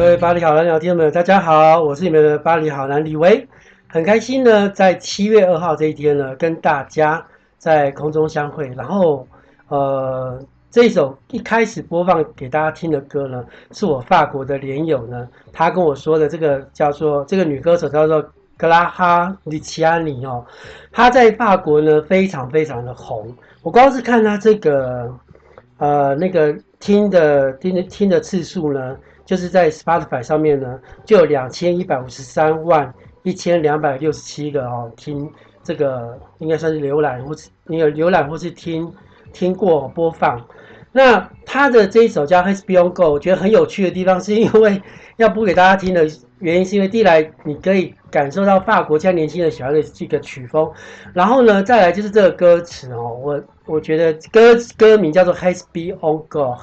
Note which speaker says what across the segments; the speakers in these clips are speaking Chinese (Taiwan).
Speaker 1: 各位巴黎好男聊天朋友們，大家好，我是你們的巴黎好男里維，很開心呢，在七月二號這一天呢，跟大家在空中相會。然後，呃，這一首一開始播放給大家聽的歌呢，是我法國的蓮友呢，他跟我說的這個叫做這個女歌手叫做格拉哈里奇安尼哦，她在法國呢非常非常的紅，我光是看她這個呃那個聽的聽的聽的次數呢。就是在 Spotify 上面呢，就有兩千一百五十三萬一千兩百六十七個哦，聽這個應該算是瀏覽或是有瀏覽或是聽聽過播放。那他的這一首叫《Hesbongo》，我覺得很有趣的地方，是因為要播給大家聽的。原因是因為，第一來你可以感受到法國家年輕人喜歡的這個曲風，然後呢，再來就是這個歌詞哦，我我覺得歌歌名叫做《Respire Encore》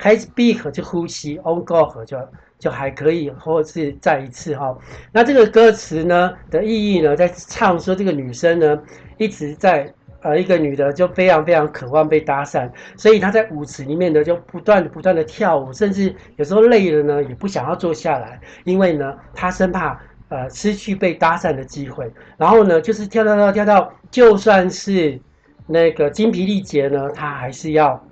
Speaker 1: ，Respire 就呼吸，Encore 就就還可以，或者是再一次哈、哦。那這個歌詞呢的意義呢，在唱說這個女生呢一直在。呃，一個女的就非常非常渴望被搭訕，所以她在舞池裡面呢，就不斷不斷的跳舞，甚至有時候累了呢，也不想要坐下來，因為呢，她生怕呃失去被搭訕的機會。然後呢，就是跳跳跳跳到，就算是那個精疲力竭呢，她還是要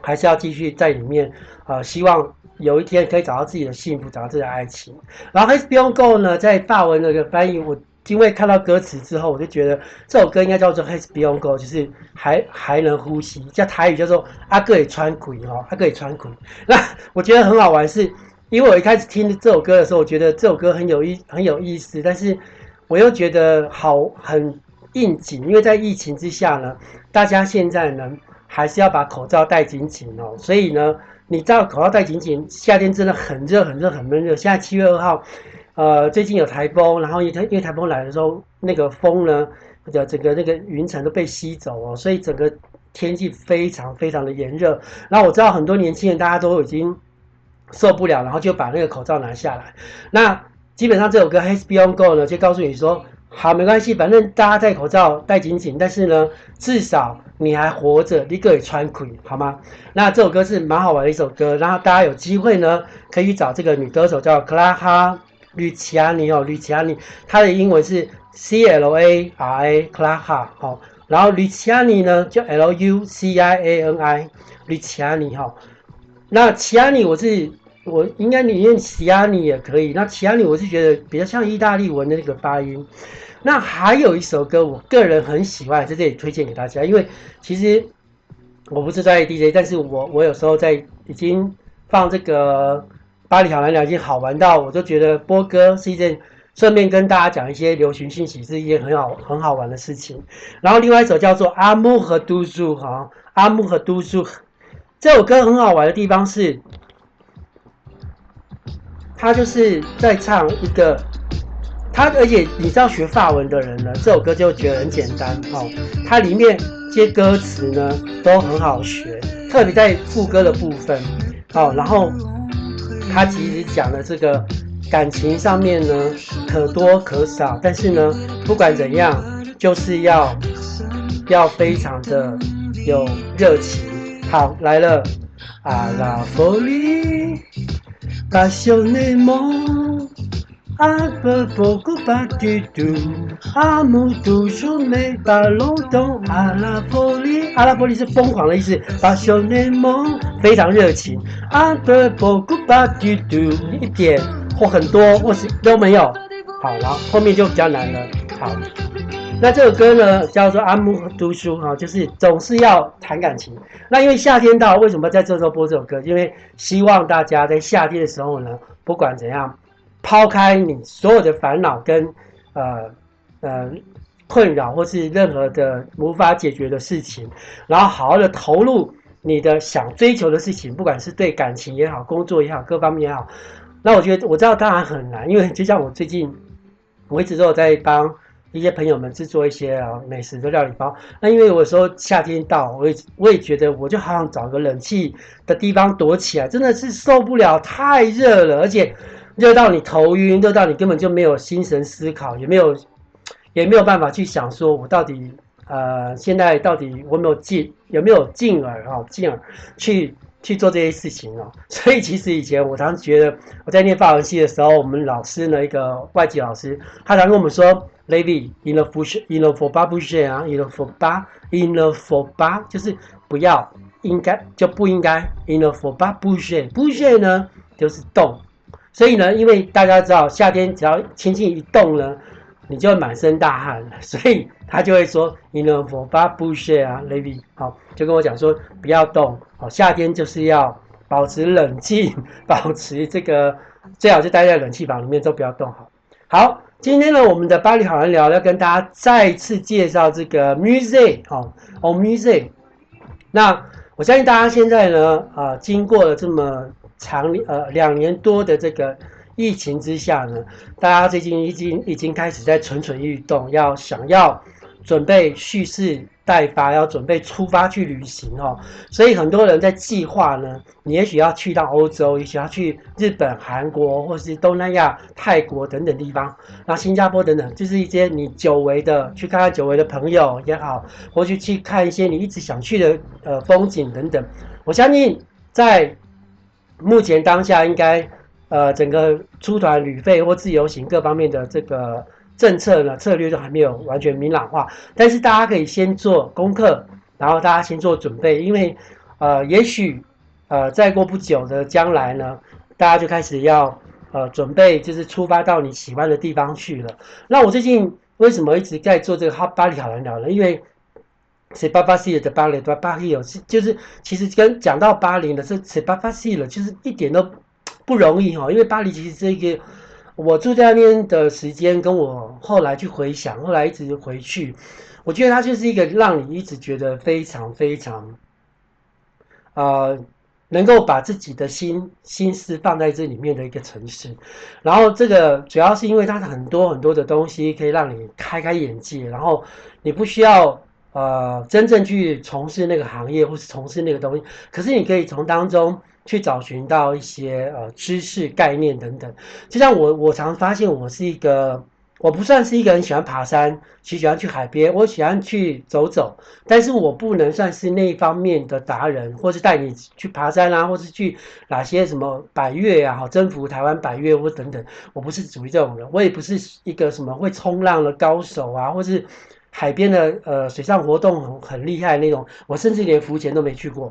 Speaker 1: 還是要繼續在裡面，呃，希望有一天可以找到自己的幸福，找到自己的愛情。然後《HBO s Go》呢，在法文的那個翻譯我。因為看到歌詞之後，我就覺得這首歌應該叫做《Beyond Go》，就是還還能呼吸，叫台語叫做“阿哥也穿鬼哦，阿哥也穿鬼”。那我覺得很好玩是，是因為我一開始聽這首歌的時候，我覺得這首歌很有意，很有意思。但是我又覺得好很應景，因為在疫情之下呢，大家現在呢還是要把口罩戴緊緊哦。所以呢，你知道口罩戴緊緊，夏天真的很熱，很熱，很悶熱。現在七月二號。呃，最近有颱風，然後因台因為颱風來的時候，那個風呢，的整個那個雲層都被吸走哦，所以整個天氣非常非常的炎熱。那我知道很多年輕人大家都已經受不了，然後就把那個口罩拿下來。那基本上這首歌《Has Beyond Go》呢，就告訴你說，好沒關係，反正大家戴口罩戴緊緊，但是呢，至少你還活着，你可以穿孔，好嗎？那這首歌是蠻好玩的一首歌，然後大家有機會呢，可以找這個女歌手叫克拉哈。呂奇亞尼哦，呂奇亞尼，它的英文是 C L A R A Clara 哈，好，然後呂奇亞尼呢，就 L U C I A N I，呂奇亞尼哈，那奇亞尼我是我應該你念奇亞尼也可以，那奇亞尼我是覺得比較像意大利文的那個發音。那還有一首歌，我個人很喜歡，在這裡推薦給大家，因為其實我不是專業 DJ，但是我我有時候在已經放這個。巴黎小藍鳥已經好玩到，我就覺得播歌是一件順便跟大家講一些流行訊息，是一件很好很好玩的事情。然後另外一首叫做《阿木和嘟嘟》哦，《阿木和嘟嘟》這首歌很好玩的地方是，它就是在唱一個，它而且你知道學法文的人呢，這首歌就覺得很簡單哦。它裡面接歌詞呢都很好學，特別在副歌的部分哦，然後。他其實講的這個感情上面呢，可多可少，但是呢，不管怎樣，就是要要非常的有熱情。好，來了，à la folie，把手內蒙。阿布伯庫巴嘟嘟，阿木讀書沒巴隆東，阿拉伯利，阿拉伯利是瘋狂的意思，巴小檸檬非常熱情。阿布伯庫巴嘟嘟，一點或很多或是都沒有。好啦，後面就比較難了。好，那這首歌呢叫做，阿木讀書啊，就是總是要談感情。那因為夏天到，為什麼在這時候播這首歌？因為希望大家在夏天的時候呢，不管怎樣。拋開你所有的煩惱跟呃呃困擾，或是任何的無法解決的事情，然後好好的投入你的想追求的事情，不管是對感情也好、工作也好、各方面也好。那我覺得我知道當然很難，因為就像我最近我一直都有在幫一些朋友們制作一些啊美食的料理包。那因為我說夏天到，我也我也覺得我就好想找個冷氣的地方躲起來，真的是受不了太熱了，而且。熱到你頭暈，熱到你根本就沒有心神思考，也沒有，也沒有辦法去想說，我到底，呃，現在到底我沒有進，有沒有進而啊，進而去去做這些事情哦。所以其實以前我常覺得，我在念法文系的時候，我們老師呢一個外籍老師，他常跟我們說，"里維 il ne faut pas, il ne faut pas, il ne faut pas 就是不要，應該就不應該，il ne faut pas bouger, bouger 呢就是動。所以呢，因為大家知道夏天只要輕輕一動呢，你就會滿身大汗，所以他就會說：“你呢，我發不屑啊，Lady，好，就跟我講說不要動，好，夏天就是要保持冷氣，保持這個最好就待在冷氣房裡面，都不要動，好。好，今天呢，我們的巴黎好男聊要跟大家再次介紹這個 Musee，哦，哦，Musee。那我相信大家現在呢，啊、呃，經過了這麼，長呃兩年多的這個疫情之下呢，大家最近已經已經開始在蠢蠢欲動，要想要準備蓄勢待發，要準備出發去旅行哦。所以很多人在計劃呢，你也許要去到歐洲，也許要去日本、韓國，或是東南亞、泰國等等地方，那新加坡等等，就是一些你久違的去看看久違的朋友也好，或許去，去看一些你一直想去的呃風景等等。我相信在。目前當下應該，呃，整個出團旅費或自由行各方面的這個政策呢策略，都還沒有完全明朗化，但是大家可以先做功課，然後大家先做準備，因為，呃，也許，呃，再過不久的將來呢，大家就開始要，呃，準備就是出發到你喜歡的地方去了。那我最近為什麼一直在做這個哈巴黎好男聊呢？因為在巴黎了，的巴黎，對巴黎哦，是就是，其實跟講到巴黎的，這在巴黎了，就是一點都不容易哈，因為巴黎其實是一個我住在那邊的時間，跟我後來去回想，後來一直回去，我覺得它就是一個讓你一直覺得非常非常，呃，能夠把自己的心心思放在這裡面的一個城市。然後這個主要是因為它的很多很多的東西可以讓你開開眼界，然後你不需要。呃，真正去從事那個行業，或是從事那個東西，可是你可以從當中去找尋到一些呃知識、概念等等。就像我，我常發現我是一個，我不算是一個很喜歡爬山，其實喜歡去海邊，我喜歡去走走，但是我不能算是那一方面的達人，或是帶你去爬山啦、啊，或是去哪些什麼百岳啊，好征服台灣百岳，或等等，我不是屬於這種人，我也不是一個什麼會衝浪的高手啊，或是。海邊的呃水上活動很很厲害的那種，我甚至連浮潛都沒去過。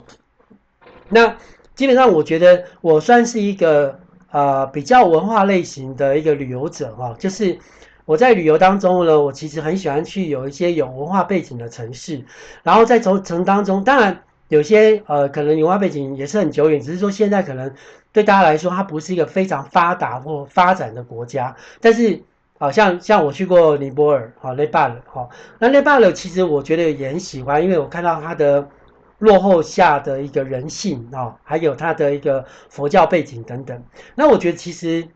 Speaker 1: 那基本上我覺得我算是一個呃比較文化類型的一個旅遊者哈、啊，就是我在旅遊當中呢，我其實很喜歡去有一些有文化背景的城市，然後在城城當中，當然有些呃可能文化背景也是很久遠，只是說現在可能對大家來說它不是一個非常發達或發展的國家，但是。好像像我去過尼泊爾，好，勒巴爾，好，那勒巴爾其實我覺得也很喜歡，因為我看到它的落後下的一個人性啊，還有它的一個佛教背景等等。那我覺得其實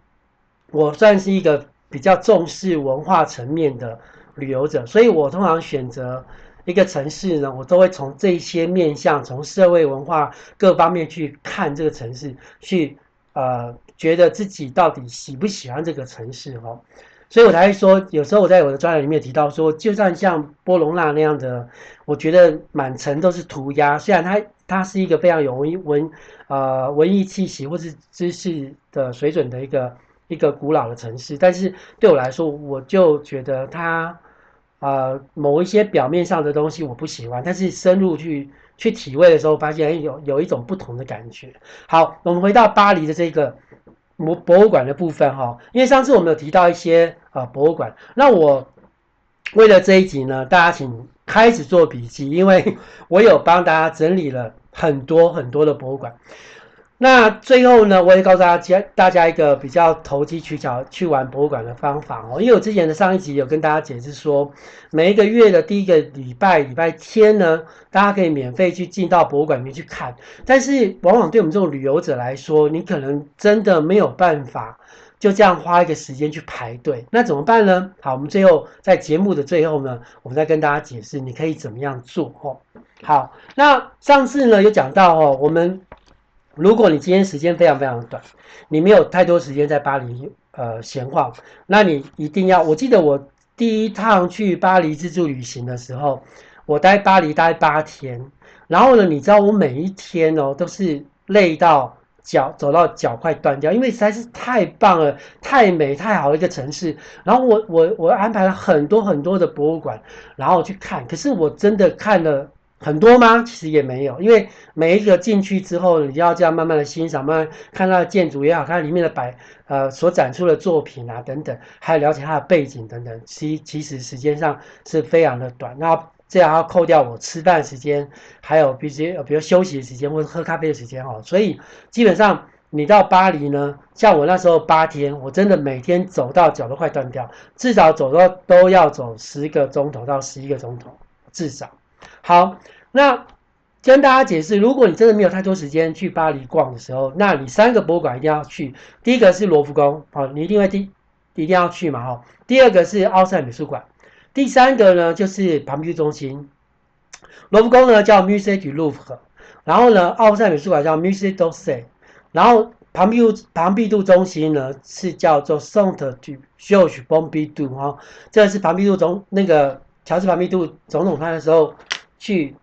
Speaker 1: 我算是一個比較重視文化層面的旅遊者，所以我通常選擇一個城市呢，我都會從這些面向，從社會文化各方面去看這個城市，去呃，覺得自己到底喜不喜歡這個城市哦。所以我才會說，有時候我在我的專欄裡面提到說，就算像波隆那那樣的，我覺得滿城都是塗鴉。雖然它它是一個非常有文文，呃，文藝氣息或者是知識的水準的一個一個古老的城市，但是對我來說，我就覺得它，呃，某一些表面上的東西我不喜歡。但是深入去去體味的時候，發現有有一種不同的感覺。好，我們回到巴黎的這個。博博物館的部分哈，因為上次我們有提到一些啊博物館，那我為了這一集呢，大家請開始做筆記，因為我有幫大家整理了很多很多的博物館。那最後呢，我也告訴大家，大家一個比較投機取巧去玩博物館的方法哦。因為我之前的上一集有跟大家解釋說，每一個月的第一個禮拜，禮拜天呢，大家可以免費去進到博物館裡面去看。但是，往往對我們這種旅遊者來說，你可能真的沒有辦法就這樣花一個時間去排隊。那怎麼辦呢？好，我們最後在節目的最後呢，我們再跟大家解釋你可以怎麼樣做哦。好，那上次呢有講到哦，我們。如果你今天時間非常非常短，你沒有太多時間在巴黎呃閒晃，那你一定要，我記得我第一趟去巴黎自助旅行的時候，我待巴黎待八天，然後呢，你知道我每一天哦都是累到腳，走到腳快斷掉，因為實在是太棒了，太美，太好一個城市。然後我我我安排了很多很多的博物館，然後去看，可是我真的看了。很多嗎？其實也沒有，因為每一個進去之後，你就要這樣慢慢的欣賞，慢慢看它的建築也好，看裡面的擺呃所展出的作品啊等等，還有了解它的背景等等，其其實時間上是非常的短。那這樣要扣掉我吃飯時間，還有比呃，比如說休息的時間或者喝咖啡的時間哦，所以基本上你到巴黎呢，像我那時候八天，我真的每天走到腳都快斷掉，至少走到都要走十個鐘頭到十一個鐘頭至少。好，那跟大家解釋，如果你真的沒有太多時間去巴黎逛的時候，那你三個博物館一定要去。第一個是羅浮宮，哦，你一定會第一定要去嘛，哦。第二個是奧賽美術館，第三個呢就是蓬皮杜中心。羅浮宮呢叫 Musée du Louvre，然後呢奧賽美術館叫 Musée d'Orsay，然後蓬皮杜蓬皮杜中心呢是叫做 Centre Georges Pompidou，這是蓬皮杜總那個喬治蓬皮杜總統他的時候。去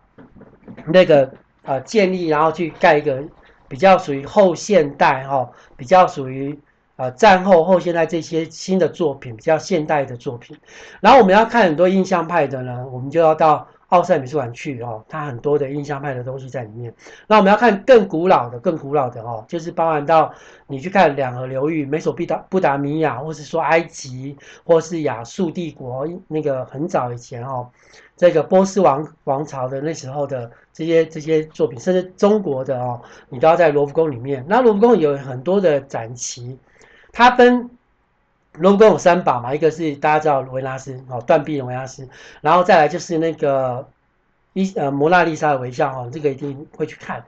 Speaker 1: 那個、呃、建立，然後去蓋一個比較屬於後現代哈、哦，比較屬於呃戰後後現代這些新的作品，比較現代的作品。然後我們要看很多印象派的呢，我們就要到奧賽美術館去哦，它很多的印象派的東西在裡面。那我們要看更古老的、更古老的哦，就是包含到你去看兩河流域、美索不達米亞，或是說埃及，或是亞述帝國那個很早以前哦。這個波斯王王朝的那時候的這些這些作品，甚至中國的哦，你都要在羅浮宮裡面。那羅浮宮有很多的展期，它分羅浮宮有三寶嘛，一個是大家知道維納斯哦，斷臂維納斯，然後再來就是那個伊呃《蒙娜麗莎》的微笑哦，這個一定會去看，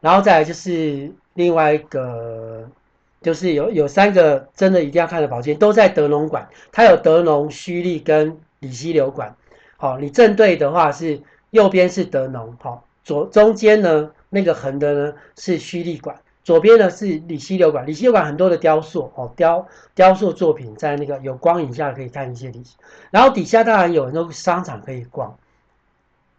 Speaker 1: 然後再來就是另外一個，就是有有三個真的一定要看的寶劍，都在德隆館，它有德隆、須利跟里希流館。好、哦，你正對的話是右邊是德農，哦、左中間呢，那個橫的呢是敘利館，左邊呢是里希流館。里希流館很多的雕塑，哦，雕雕塑作品在那個有光影下可以看一些里，然後底下當然有很多商場可以逛。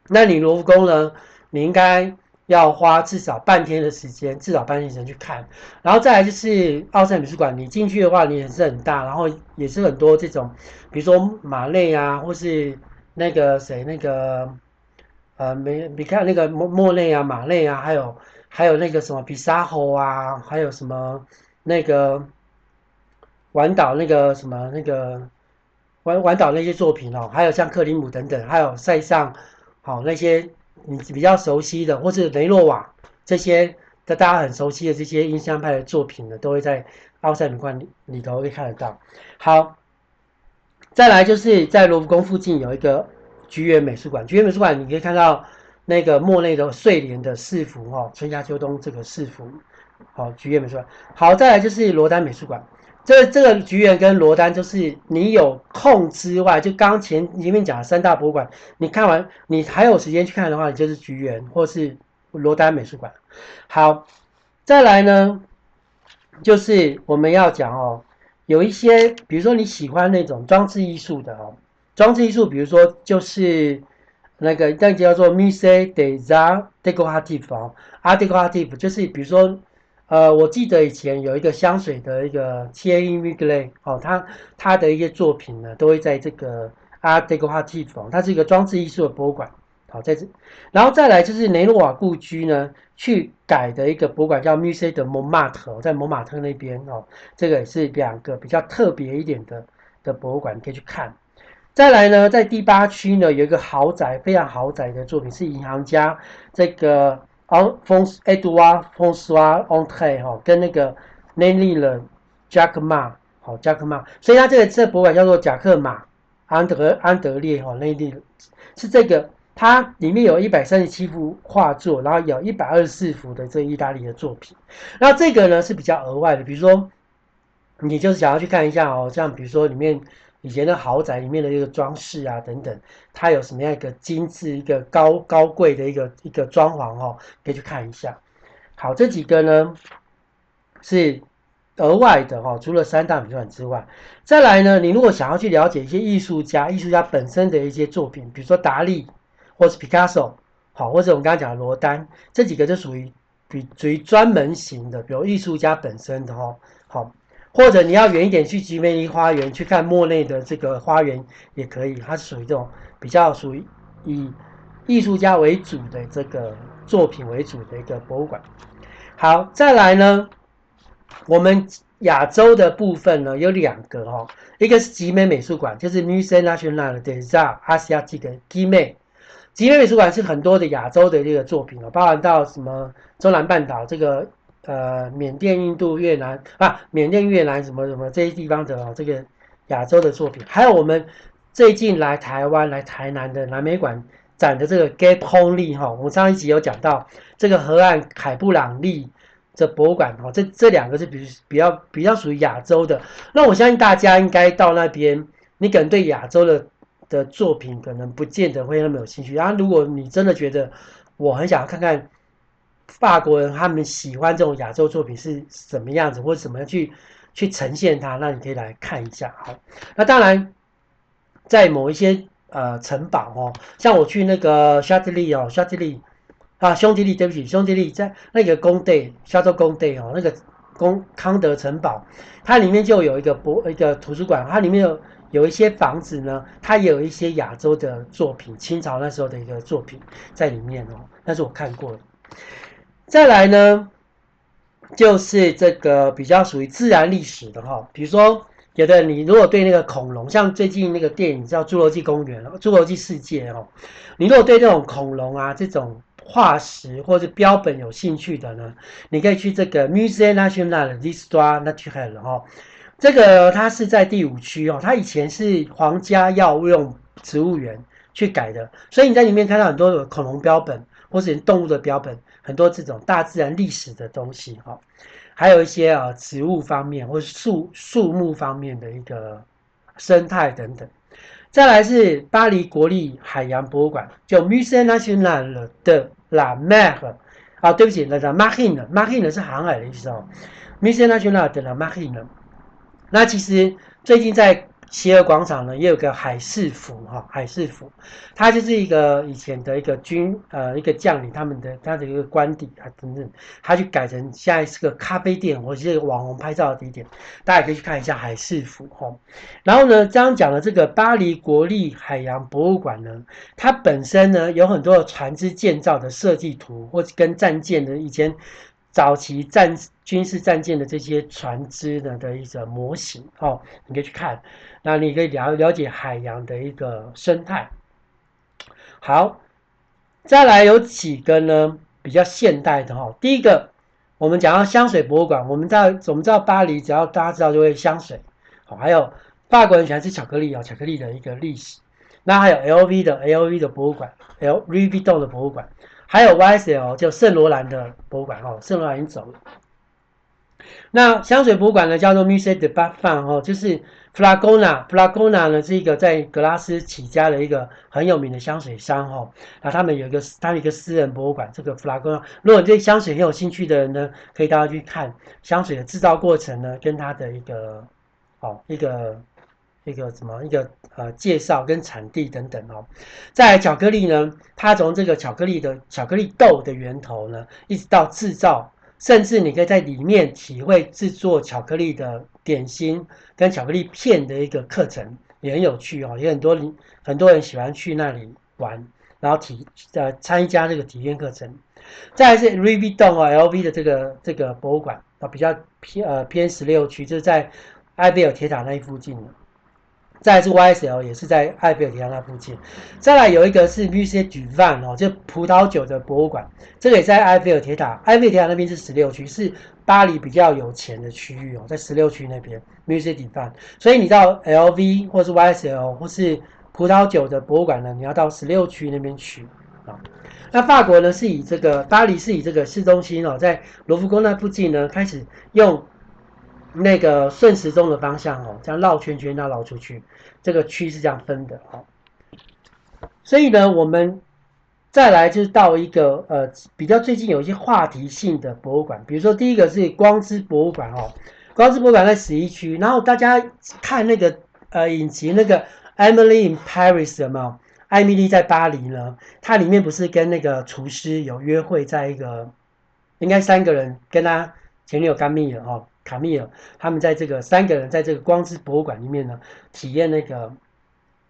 Speaker 1: 那你羅浮宮呢，你應該要花至少半天的時間，至少半天的時間去看。然後再來就是奧賽美術館，你進去的話你也是很大，然後也是很多這種，比如說馬內啊，或是。那個誰，那個，呃，沒，你看那個莫莫內啊，馬內啊，還有還有那個什麼畢沙羅啊，還有什麼那個，玩島那個什麼那個，玩晚島那些作品哦，還有像克里姆等等，還有塞尚，好那些你比較熟悉的，或是雷諾瓦這些的大家很熟悉的這些印象派的作品呢，都會在奧賽美術館裡頭會看得到。好。再來就是在羅浮宮附近有一個橘園美術館，橘園美術館你可以看到那個莫內的睡蓮的四幅哈，春夏秋冬這個四幅，好，橘園美術館。好，再來就是羅丹美術館，這個、這個橘園跟羅丹就是你有空之外，就剛前前面講的三大博物館，你看完你還有時間去看的話，你就是橘園或是羅丹美術館。好，再來呢就是我們要講哦。有一些，比如說你喜歡那種裝置藝術的哦，裝置藝術，比如說就是那個一個叫做 Musée des Arts Décoratifs，哦，Art Decoratif，就是比如說，呃，我記得以前有一個香水的一個 Thierry Mugler 哦，他他的一些作品呢，都會在這個 Art Decoratif，它是一個裝置藝術的博物館。好，在這，然後再來就是雷諾瓦故居呢，去改的一個博物館叫 Musée de Montmartre，在蒙馬特那邊哦。這個也是兩個比較特別一點的的博物館，你可以去看。再來呢，在第八區呢，有一個豪宅，非常豪宅的作品是銀行家這個昂豐埃杜瓦豐斯瓦昂泰哈，跟那個內利人，Jacquemart 好 Jacquemart 所以他這個這個博物館叫做 Jacquemart 安德安德烈哈內利是這個。它裡面有一百三十七幅畫作，然後有一百二十四幅的這意大利的作品。那這個呢是比較額外的，比如說，你就是想要去看一下哦，像比如說裡面以前的豪宅裡面的一個裝飾啊等等，它有什麼樣一個精緻、一個高高貴的一個一個裝潢哦，可以去看一下。好，這幾個呢是額外的哈、哦，除了三大美術館之外，再來呢，你如果想要去了解一些藝術家、藝術家本身的一些作品，比如說達利。或是 Picasso，好，或者我們剛剛講的羅丹，這幾個就屬於比屬於專門型的，比如藝術家本身的哦。好，或者你要遠一點去吉美尼花園去看莫內的這個花園也可以，它是屬於這種比較屬於以藝術家為主的這個作品為主的一個博物館。好，再來呢，我們亞洲的部分呢有兩個哈，一個是吉美美術館，就是 Musée nationale des Asia 這個吉美。吉美美術館是很多的亞洲的這個作品哦，包含到什麼？中南半島這個呃，緬甸、印度、越南啊，緬甸、越南什麼什麼這些地方的哦，這個亞洲的作品，還有我們最近來台灣、來台南的南美館展的這個 Gay Pony 哈，我們上一集有講到這個河岸凱布朗利的博物館哈、哦，這這兩個是比比較比較屬於亞洲的。那我相信大家應該到那邊，你可能對亞洲的。的作品可能不見得會那麼有興趣。然後，啊，如果你真的覺得我很想看看法國人他們喜歡這種亞洲作品是什麼樣子，或者怎麼樣去去呈現它，那你可以來看一下。好，那當然，在某一些呃城堡哦，像我去那個夏蒂利哦，夏蒂利啊，兄弟利，對不起，兄弟利，在那個工地亞洲工地哦，那個工康德城堡，它裡面就有一個博一個圖書館，它裡面有。有一些房子呢，它有一些亞洲的作品，清朝那時候的一個作品在裡面哦。但是我看過了。再來呢，就是這個比較屬於自然歷史的哈、哦，比如說有的你如果對那個恐龍，像最近那個電影叫《侏羅紀公園》、《侏羅紀世界》哦，你如果對這種恐龍啊、這種化石或者標本有興趣的呢，你可以去這個 Muséum National d'Histoire Naturelle 哈這個它是在第五區哦，它以前是皇家藥用植物園去改的，所以你在裡面看到很多的恐龍標本，或是動物的標本，很多這種大自然歷史的東西哦，還有一些啊、哦、植物方面，或是樹樹木方面的一個生態等等。再來是巴黎國立海洋博物館，叫 Musée National de la Mer。啊，對不起，那是 Marine，Marine 是航海的意思哦，Musée National de la Marine。那其實最近在協和廣場呢，也有個海事府哈，海事府，它就是一個以前的一個軍呃一個將領他們的他的一個官邸啊等等，他就改成現在，是個咖啡店或者是網紅拍照的地點，大家可以去看一下海事府。然後呢，剛剛講的這個巴黎國立海洋博物館呢，它本身呢有很多船隻建造的設計圖，或是跟戰艦的以前早期戰。軍事戰艦的這些船隻呢的一個模型哦，你可以去看，那你可以了了解海洋的一個生態。好，再來有幾個呢比較現代的哈，第一個我們講到香水博物館，我們在我們知道巴黎，只要大家知道就會香水。好，還有法國人喜歡吃巧克力啊，巧克力的一個歷史。那還有 L V 的 L V 的博物館，L V B 洞的博物館，還有 YSL 就聖羅蘭的博物館哦，聖羅蘭已經走了。那香水博物館呢，叫做 Musée du Parfum 就是 Fragonard，Fragonard 呢是一個在格拉斯起家的一個很有名的香水商，哈，啊，他們有一個他們一個私人博物館，這個 Fragonard，如果你對香水很有興趣的人呢，可以大家去看香水的製造過程呢，跟它的一個哦一個一個什麼一個呃介紹跟產地等等哦，在巧克力呢，它從這個巧克力的巧克力豆的源頭呢，一直到製造。甚至你可以在裡面體會製作巧克力的點心跟巧克力片的一個課程，也很有趣哦，也有很多人很多人喜歡去那裡玩，然後體呃參加這個體驗課程。再來是路易威登啊，LV 的這個這個博物館啊，比較偏呃偏十六區，就是在艾菲爾鐵塔那一附近的。再來是 YSL，也是在埃菲爾鐵塔那附近。再來有一個是 Musée du Vin 哦，就葡萄酒的博物館，這個也在埃菲爾鐵塔。埃菲爾鐵塔那邊是十六區，是巴黎比較有錢的區域哦，在十六區那邊 Musée du Vin。所以你到 LV 或是 YSL 或是葡萄酒的博物館呢，你要到十六區那邊去啊。那法國呢，是以這個巴黎是以這個市中心哦，在羅浮宮那附近呢，開始用。那個順時鐘的方向哦，這樣繞圈圈，那繞出去，這個區是這樣分的哦。所以呢，我們再來就是到一個呃比較最近有一些話題性的博物館，比如說第一個是光之博物館哦，光之博物館在十一區。然後大家看那個呃，影集那個《Emily in Paris》有沒有？《Emily 在巴黎》呢，它裡面不是跟那個廚師有約會，在一個應該三個人跟他前女友干蜜了哦。卡米爾，他們在這個三個人在這個光之博物館裡面呢，體驗那個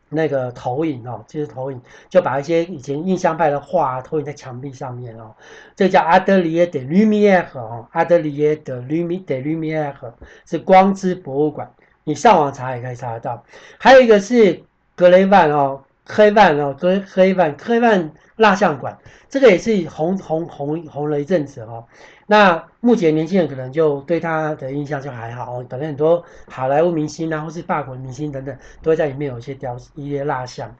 Speaker 1: 那個投影哦，就是投影，就把一些以前印象派的畫投影在牆壁上面哦。這叫阿德里耶德呂米耶河哦，阿德里耶德呂米德呂米耶河是光之博物館，你上網查也可以查得到。還有一個是格雷萬哦。Grévin 哦，對 Grévin，Grévin 蠟像館，這個也是紅紅紅紅了一陣子哦。那目前年輕人可能就對他的印象就還好哦。可能很多好萊塢明星啊，或是法國明星等等，都會在裡面有一些雕一些蠟像。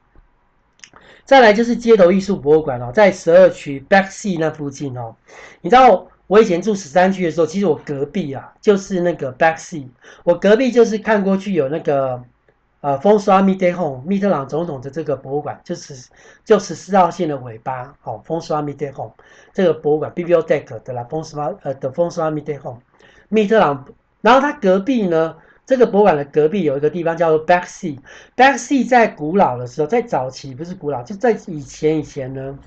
Speaker 1: 再來就是街頭藝術博物館哦，在十二區 Bercy 那附近哦。你知道我以前住十三區的時候，其實我隔壁啊就是那個 Bercy，我隔壁就是看過去有那個。呃、啊，François Mitterrand，密特朗總統的這個博物館，就是就是十四號線的尾巴，好，oh，François Mitterrand 這個博物館 Bibliothèque 的啦，風沙呃的 François Mitterrand，密特朗。然後它隔壁呢，這個博物館的隔壁有一個地方叫做 Bercy。Bercy 在古老的時候，在早期不是古老，就在以前以前呢，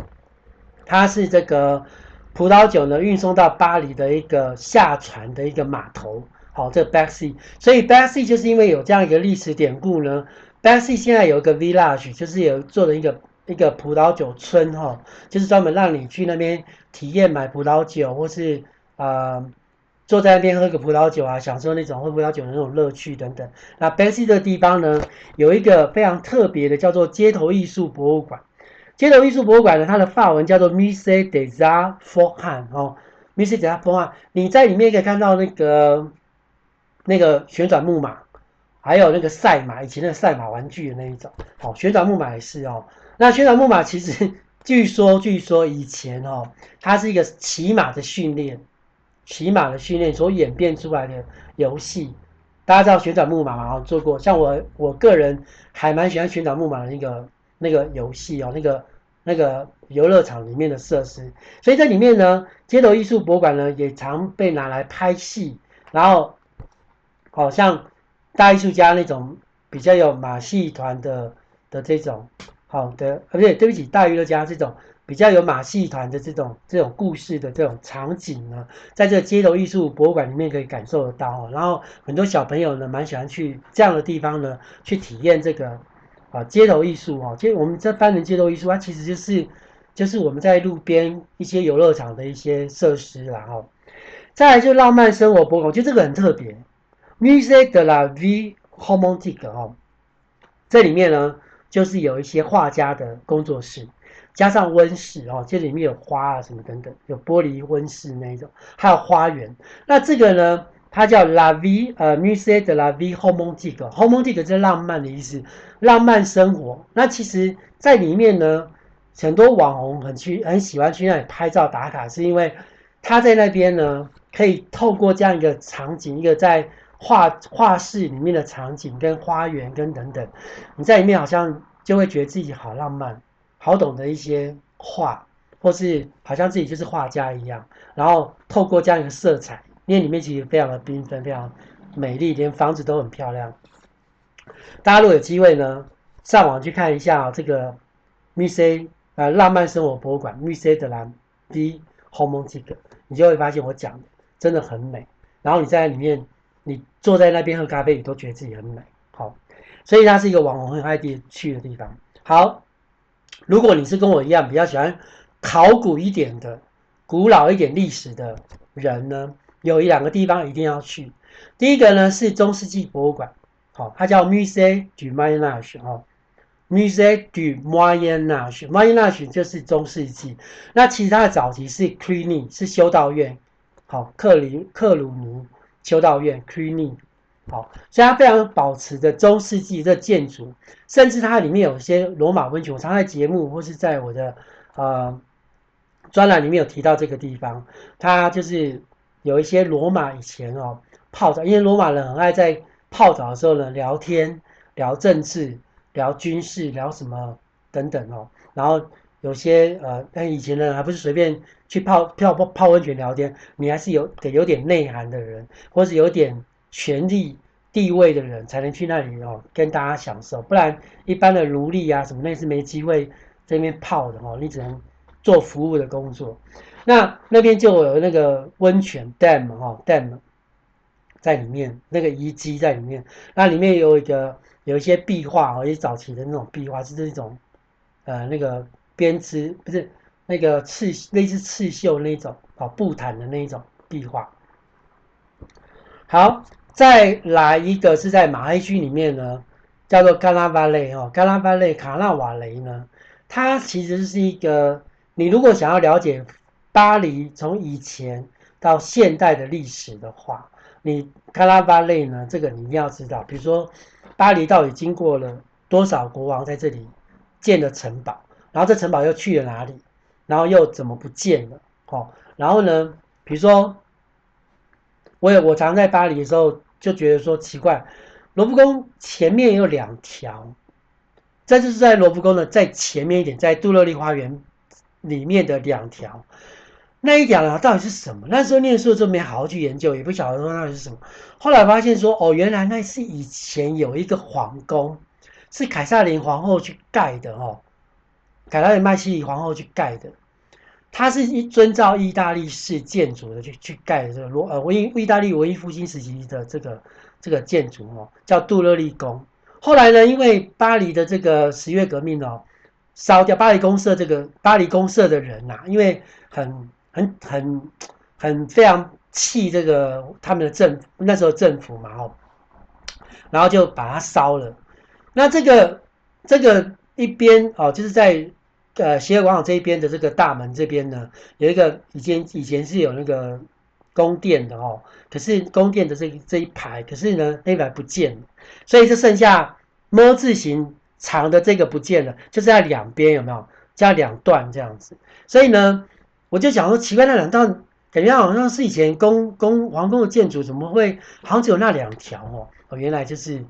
Speaker 1: 它是這個葡萄酒呢運送到巴黎的一個下船的一個碼頭。好，這個、Bercy，所以 Bercy 就是因為有這樣一個歷史典故呢。Bercy 現在有一個 village，就是有做的一個一個葡萄酒村哈、哦，就是專門讓你去那邊體驗買葡萄酒，或是啊、呃、坐在那邊喝個葡萄酒啊，享受那種喝葡萄酒的那種樂趣等等。那 Bercy 的地方呢，有一個非常特別的，叫做街頭藝術博物館。街頭藝術博物館呢，它的法文叫做 Musée des Arts Forains 哦 Musée des Arts Forains 你在裡面可以看到那個。那個旋轉木馬，還有那個賽馬，以前的賽馬玩具的那一種，好、哦，旋轉木馬也是哦。那旋轉木馬其實據說，據說以前哦，它是一個騎馬的訓練，騎馬的訓練所演變出來的遊戲。大家知道旋轉木馬嗎？我做過，像我我個人還蠻喜歡旋轉木馬的那個那個遊戲哦，那個那個遊樂場裡面的設施。所以在裡面呢，街頭藝術博物館呢也常被拿來拍戲，然後。好像大藝術家那種比較有馬戲團的的這種好的，不對，對不起，大娛樂家這種比較有馬戲團的這種這種故事的這種場景呢，在這街頭藝術博物館裡面可以感受得到。然後很多小朋友呢，蠻喜歡去這樣的地方呢，去體驗這個啊街頭藝術，其實我們這般人街頭藝術，它其實就是就是我們在路邊一些遊樂場的一些設施，然後再來就浪漫生活博物館，我覺得這個很特別。Musée de la Vie Romantique 哦，這裡面呢就是有一些畫家的工作室，加上溫室哦，這裡面有花啊什麼等等，有玻璃溫室那一種，還有花園。那這個呢，它叫 La Vie 呃，Musée de la Vie Romantique，Romantique 是浪漫的意思，浪漫生活。那其實，在裡面呢，很多網紅很去很喜歡去那裡拍照打卡，是因為他在那邊呢，可以透過這樣一個場景，一個在畫畫室裡面的場景、跟花園、跟等等，你在裡面好像就會覺得自己好浪漫，好懂得一些畫，或是好像自己就是畫家一樣。然後透過這樣一個色彩，因為裡面其實非常的繽紛、非常美麗，連房子都很漂亮。大家如果有機會呢，上網去看一下、啊、這個 Musée 呃浪漫生活博物館 Musée de la Vie Romantique 你就會發現我講的真的很美。然後你在裡面。你坐在那邊喝咖啡，你都覺得自己很美好，所以它是一個網紅很愛去的地方。好，如果你是跟我一樣比較喜歡考古一點的、古老一點歷史的人呢，有一兩個地方一定要去。第一個呢是中世紀博物館，好，它叫 Musée du Moyen Âge 哈，Musée du Moyen Âge Moyen Âge 就是中世紀。那其實它的早期是 Cluny 是修道院，好，克林，克魯尼。修道院 Cluny 好，所以它非常保持着中世紀的建築，甚至它裡面有一些羅馬溫泉。我常在節目或是在我的呃專欄裡面有提到這個地方，它就是有一些羅馬以前哦泡澡，因為羅馬人很愛在泡澡的時候呢聊天、聊政治、聊軍事、聊什麼等等哦，然後。有些呃，但以前呢，還不是隨便去泡、泡泡溫泉聊天，你還是有得有點內涵的人，或是有點權力地位的人，才能去那裡哦，跟大家享受。不然一般的奴隸啊什麼那是沒機會在那邊泡的哦，你只能做服務的工作。那那邊就有那個溫泉 dam 哈、哦、dam 在裡面，那個遺跡在裡面，那裡面有一個有一些壁畫、哦，一些早期的那種壁畫是這種呃那個。編織不是那個刺，類似刺繡那種啊、哦、布毯的那一種壁畫。好，再來一個是在馬黑區裡面呢，叫做卡納瓦雷哦，Canavale, 卡納瓦雷卡納瓦雷呢，它其實是一個你如果想要了解巴黎從以前到現代的歷史的話，你卡納瓦雷呢這個你要知道，比如說巴黎到底經過了多少國王在這裡建的城堡。然後這城堡又去了哪裡？然後又怎麼不見了？哦、然後呢？比如說，我我常在巴黎的時候就覺得說奇怪，羅浮宮前面有兩條，再就是在羅浮宮的，再前面一點，在杜勒利花園裡面的兩條，那一條呢到底是什麼？那時候唸書就沒好好去研究，也不曉得說那是什麼。後來發現說，哦，原來那是以前有一個皇宮，是凱薩琳皇后去蓋的，哦。凱拉的麥西里皇后去蓋的，他是一遵照意大利式建築的去去蓋的這個羅呃意大利文藝復興時期的這個這個建築哦，叫杜勒利宮。後來呢，因為巴黎的這個十月革命哦，燒掉巴黎公社這個巴黎公社的人吶、啊，因為很很很很非常氣這個他們的政府，那時候政府嘛哦，然後就把它燒了。那這個這個一邊哦，就是在呃，協和廣場這一邊的這個大門這邊呢，有一個以前以前是有那個宮殿的哦。可是宮殿的這這一排，可是呢那一排不見了，所以就剩下 ㄇ 字形長的這個不見了，就是在兩邊有沒有？加兩段這樣子。所以呢，我就想說奇怪，那兩段感覺好像是以前宮宮皇宮的建築，怎麼會好像只有那兩條哦？哦，原來就是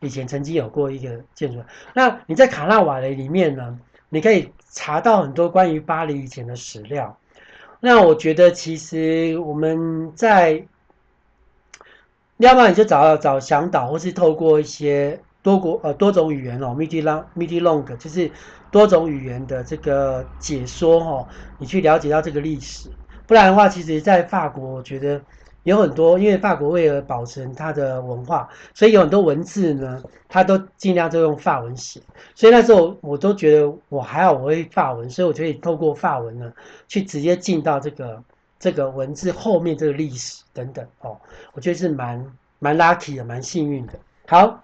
Speaker 1: 以前曾經有過一個建築。那你在卡納瓦雷裡面呢，你可以。查到很多關於巴黎以前的史料，那我覺得其實我們在，要不然你就找找向導，或是透過一些多國呃、多種語言哦 multilong，multilong 就是多種語言的這個解說哦，你去了解到這個歷史，不然的話，其實在法國，我覺得。有很多，因為法國為了保存它的文化，所以有很多文字呢，它都盡量都用法文寫。所以那時候我，我都覺得我還好，我會法文，所以我就可以透過法文呢，去直接進到這個這個文字後面這個歷史等等哦。我覺得是蠻蠻 lucky 的，蠻幸運的。好，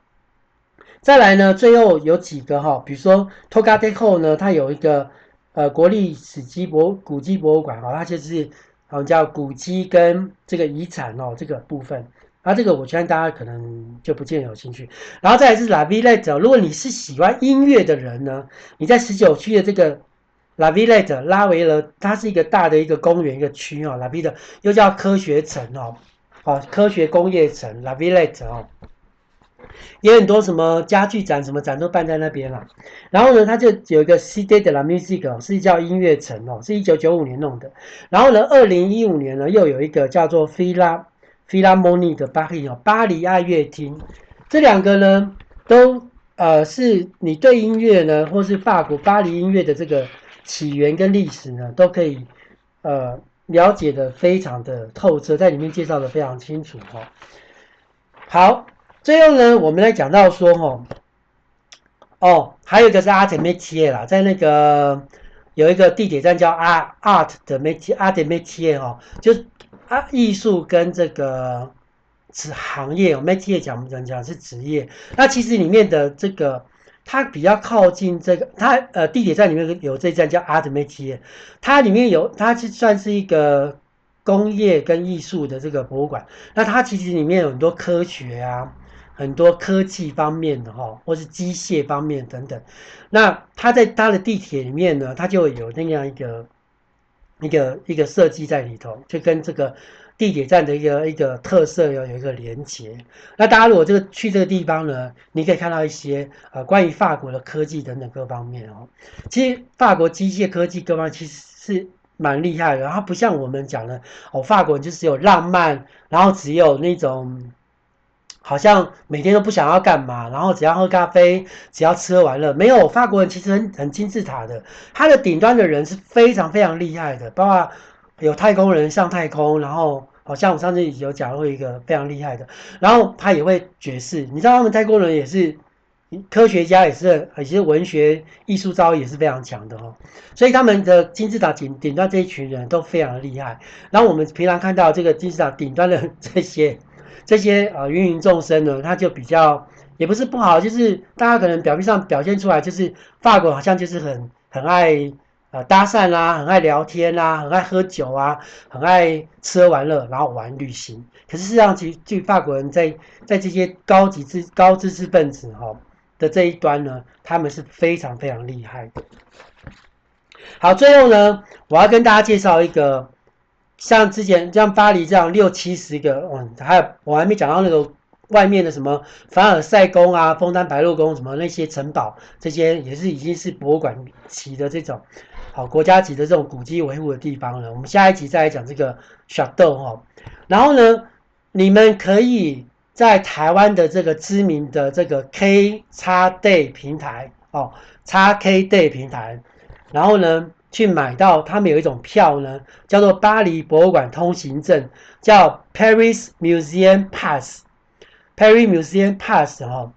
Speaker 1: 再來呢，最後有幾個哈、哦，比如說托卡迪後呢，它有一個呃國立史基博古基博物館啊，它就是。好、哦、像叫古蹟跟這個遺產哦，這個部分，啊，這個我相信大家可能就不見得有興趣。然後再來是 La Villette，如果你是喜歡音樂的人呢，你在十九區的這個 La Villette，拉維爾，它是一個大的一個公園一個區哦，La Villette 又叫科學城哦，哦，科學工業城 La Villette 哦。也很多什麼家具展、什麼展都辦在那邊啦。然後呢，它就有一個 Cité de la Musique，是叫音樂城哦，是一九九五年弄的。然後呢，二零一五年呢，又有一個叫做菲拉菲拉莫尼的巴黎哦，巴黎愛樂廳。這兩個呢，都呃，是你對音樂呢，或是法國巴黎音樂的這個起源跟歷史呢，都可以呃了解得非常的透徹，在裡面介紹得非常清楚哦。好。最後呢，我們來講到說齁，哦，還有一個是 Arts et Métiers 啦，在那個有一個地鐵站叫阿 Arts et Métiers、Arts et Métiers 哦，就是啊藝術跟這個是行業哦，Métier 講不講，講是職業。那其實裡面的這個，它比較靠近這個，它呃地鐵站裡面有這站叫 Arts et Métiers，它裡面有它就算是一個工業跟藝術的這個博物館。那它其實裡面有很多科學啊。很多科技方面的哈、哦，或是機械方面等等，那他在他的地鐵裡面呢，他就有那樣一個一個一個設計在裡頭，就跟這個地鐵站的一個一個特色有有一個連接。那大家如果這個去這個地方呢，你可以看到一些呃關於法國的科技等等各方面哦。其實法國機械科技各方面其實是蠻厲害的，它不像我們講的哦，法國人就是有浪漫，然後只有那種，好像每天都不想要幹嘛，然後只要喝咖啡，只要吃喝玩樂。沒有，法國人其實很很金字塔的，他的頂端的人是非常非常厲害的，包括有太空人上太空，然後好像我上次有講過一個非常厲害的，然後他也會爵士。你知道他們太空人也是科學家也是，也是其實文學藝術造詣也是非常強的哦。所以他們的金字塔頂頂端這一群人都非常厲害。然後我們平常看到這個金字塔頂端的這些。這些啊芸芸眾生呢，他就比較也不是不好，就是大家可能表面上表現出來，就是法國好像就是很很愛搭訕啦、啊，很愛聊天啦、啊，很愛喝酒啊，很愛吃喝玩樂，然後玩旅行。可是事實上，其實據法國人在在這些高級知高知識分子哈的這一端呢，他們是非常非常厲害的。好，最後呢，我要跟大家介紹一個。像之前像巴黎這樣六七十個哦，還有我還沒講到那個外面的什麼凡爾賽宮啊、楓丹白露宮什麼那些城堡，這些也是已經是博物館級的這種好、哦、國家級的這種古蹟文物的地方了。我們下一集再來講這個小豆哦。然後呢，你們可以在台灣的這個知名的這個 K 插 Day 平台哦，叉 K Day 平台，然後呢。去買到，他們有一種票呢，叫做巴黎博物館通行證，叫 Paris Museum Pass。Paris Museum Pass 哦，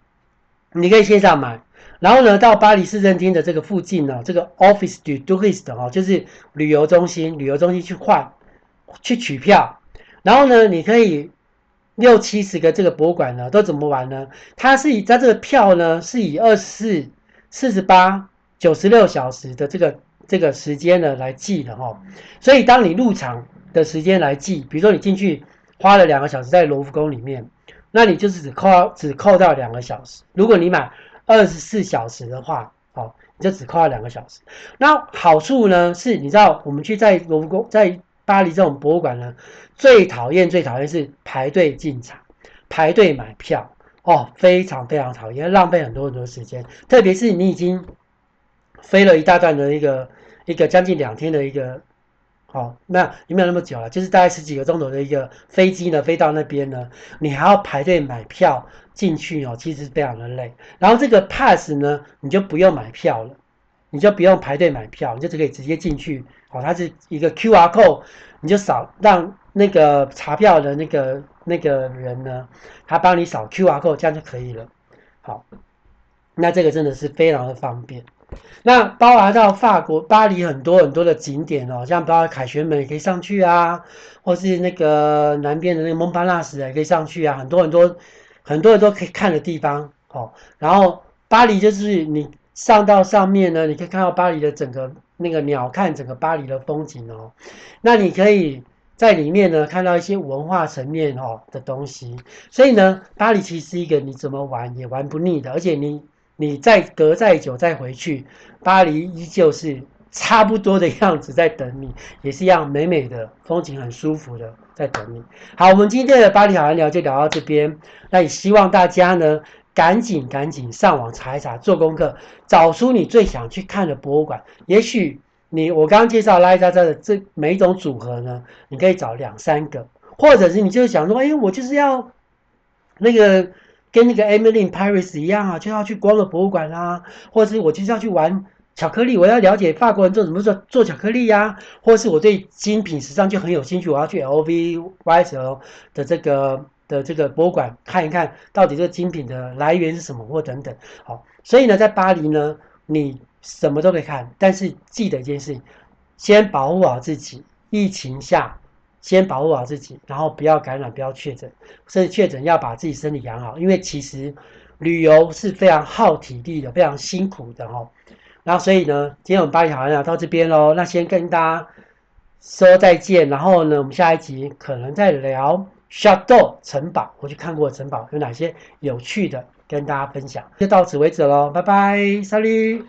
Speaker 1: 你可以線上買，然後呢，到巴黎市政廳的這個附近呢，這個 Office du Tourist 哦，就是旅遊中心，旅遊中心去換，去取票。然後呢，你可以六七十個這個博物館呢，都怎麼玩呢？它是以它這個票呢，是以二十四、四十八、九十六小時的這個。這個時間呢來計的哦。所以當你入場的時間來計，比如說你進去花了兩個小時在羅浮宮裡面，那你就是只扣只扣到兩個小時。如果你買二十四小時的話，哦，你就只扣了兩個小時。那好處呢是，你知道我們去在羅浮宮在巴黎這種博物館呢，最討厭最討厭是排隊進場、排隊買票哦，非常非常討厭，浪費很多很多時間，特別是你已經。飛了一大段的一個一個將近兩天的一個，好，那也沒有那麼久了，就是大概十幾個鐘頭的一個飛機呢，飛到那邊呢，你還要排隊買票進去哦，其實非常的累。然後這個 pass 呢，你就不用買票了，你就不用排隊買票，你就可以直接進去。好，它是一個 QR code，你就掃，讓那個查票的那個那個人呢，他幫你掃 QR code，這樣就可以了。好，那這個真的是非常的方便。那包含到法國巴黎很多很多的景點哦，像包含凱旋門也可以上去啊，或是那個南邊的那蒙帕納斯也可以上去啊，很多很多很多人都可以看的地方哦。然後巴黎就是你上到上面呢，你可以看到巴黎的整個那個鳥瞰整個巴黎的風景哦。那你可以在裡面呢看到一些文化層面哦的東西，所以呢，巴黎其實是一個你怎麼玩也玩不膩的，而且你。你再隔再久再回去，巴黎依舊是差不多的樣子在等你，也是一樣美美的風景，很舒服的在等你。好，我們今天的巴黎好男聊就聊到這邊。那也希望大家呢，趕緊趕緊上網查一查，做功課，找出你最想去看的博物館。也許你我剛剛介紹拉扎扎的這每一種組合呢，你可以找兩三個，或者是你就想說，哎，我就是要那個。跟那個 Emily in Paris 一樣啊，就要去逛的博物館啦，啊，或者是我就是要去玩巧克力，我要了解法國人做什麼做做巧克力呀，啊，或是我對精品時尚就很有興趣，我要去 LV YSL 的這個的這個博物館看一看，到底這個精品的來源是什麼，或等等。好，所以呢，在巴黎呢，你什麼都可以看，但是記得一件事情，先保護好自己，疫情下。先保護好自己，然後不要感染，不要確診，甚至確診要把自己身體養好，因為其實旅遊是非常耗體力的，非常辛苦的哦，然後所以呢，今天我們巴黎好男聊到這邊嘍，那先跟大家說再見，然後呢，我們下一集可能再聊 Chateau 城堡，我去看過城堡有哪些有趣的跟大家分享，就到此為止嘍，拜拜，Salut。